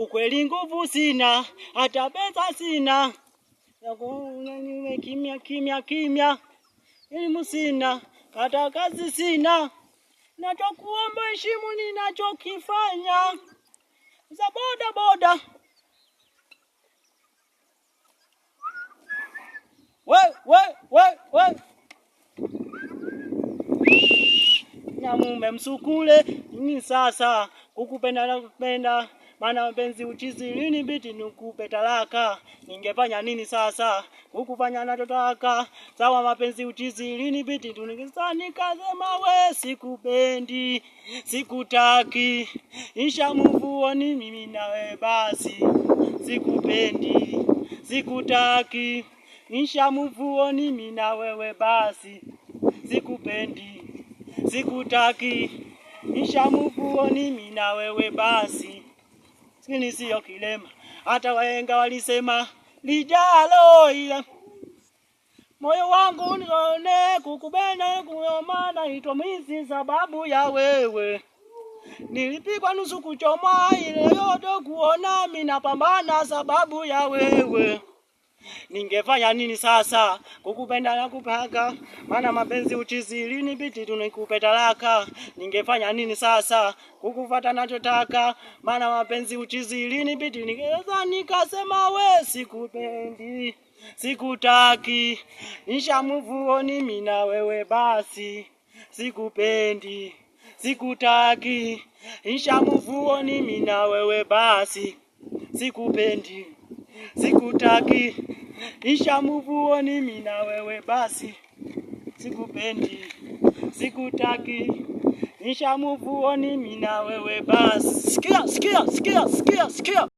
Ukweli nguvu sina, hata pesa sina, yakunaniwe kimya kimya kimya, elimu sina, hata kazi sina, nachokuomba heshimu ninachokifanya za boda boda. We, we, we, we. Na mume msukule ni sasa kukupenda na kupenda maana mpenzi uchizi lini biti nukupe talaka, ningefanya nini sasa kukufanya nachotaka? Sawa mapenzi uchizi lini biti tunikisani, kasema we sikupendi, sikutaki, isha muvuoni mimi nawe basi, sikupendi, sikutaki, isha muvuoni mimi na wewe basi, sikupendi, sikutaki, isha muvuoni mimi na wewe basi lakini sio kilema, hata wahenga walisema lijalo ila moyo wangu nione kukubena kuyomana itomisi sababu ya wewe nilipigwa nusu kuchoma ile yote kuona mina pambana sababu ya wewe ningefanya nini sasa kukupenda na kupaka, maana mapenzi uchizi lini biti tunikupeta laka ningefanya nini sasa kukufata nachotaka, maana mapenzi uchizi lini biti ningeweza nikasema we sikupendi sikutaki, nisha muvuoni mina wewe basi, sikupendi sikutaki, nisha muvuoni mina wewe basi, sikupendi sikutaki nishamuvuoni mimi na wewe basi, sikupendi sikutaki, nishamuvuoni mimi na wewe basi. Sikia, sikia, sikia, sikia, sikia